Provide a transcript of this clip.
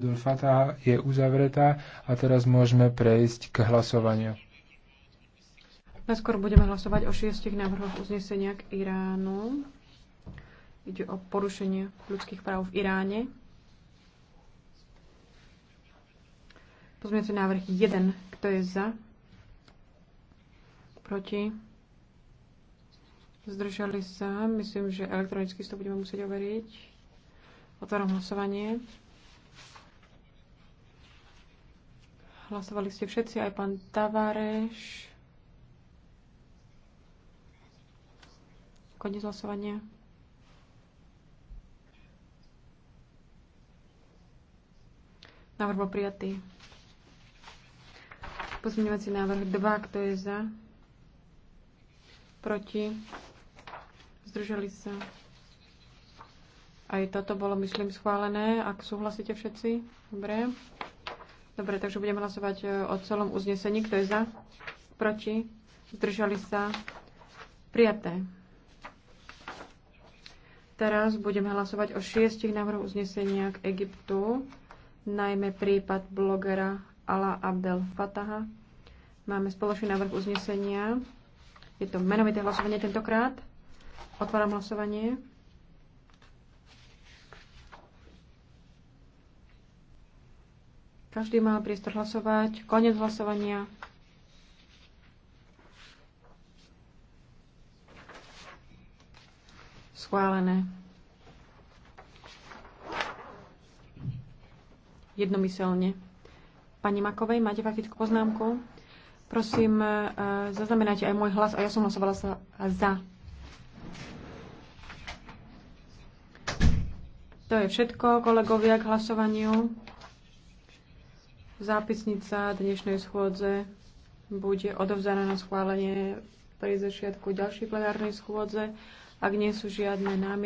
Dulfata je uzavretá a teraz môžeme prejsť k hlasovaniu. Najskôr budeme hlasovať o šiestich návrhoch uznesenia k Iránu. Ide o porušenie ľudských práv v Iráne. Pozmiete návrh 1. Kto je za? Proti? Zdržali sa. Myslím, že elektronicky to budeme musieť overiť. Otváram hlasovanie. Hlasovali ste všetci, aj pán Tavareš. Koniec hlasovania. Návrh bol prijatý. Pozmeňovací návrh 2, kto je za? Proti? Zdržali sa? Aj toto bolo, myslím, schválené, ak súhlasíte všetci. Dobre. Dobre, takže budeme hlasovať e, o celom uznesení. Kto je za? Proti? Zdržali sa? Prijaté. Teraz budeme hlasovať o šiestich návrhoch uznesenia k Egyptu, najmä prípad blogera Ala Abdel Fataha. Máme spoločný návrh uznesenia. Je to menovité hlasovanie tentokrát. Otváram hlasovanie. Každý má priestor hlasovať. Konec hlasovania. Schválené. Jednomyselne. Pani Makovej, máte faktickú poznámku? Prosím, e, zaznamenajte aj môj hlas a ja som hlasovala sa za. To je všetko, kolegovia, k hlasovaniu. Zápisnica dnešnej schôdze bude odovzdaná na schválenie pri začiatku ďalšej plenárnej schôdze. Ak nie sú žiadne námietky,